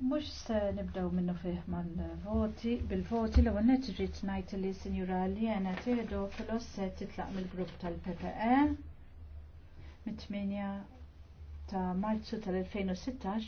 Mux se nibdaw minnu fih mal-voti, bil-voti l għonet ġit najt li sinjura li għana teħdu fil-os se titlaq mill-grupp tal-PPE mit-8 ta' marzu tal-2016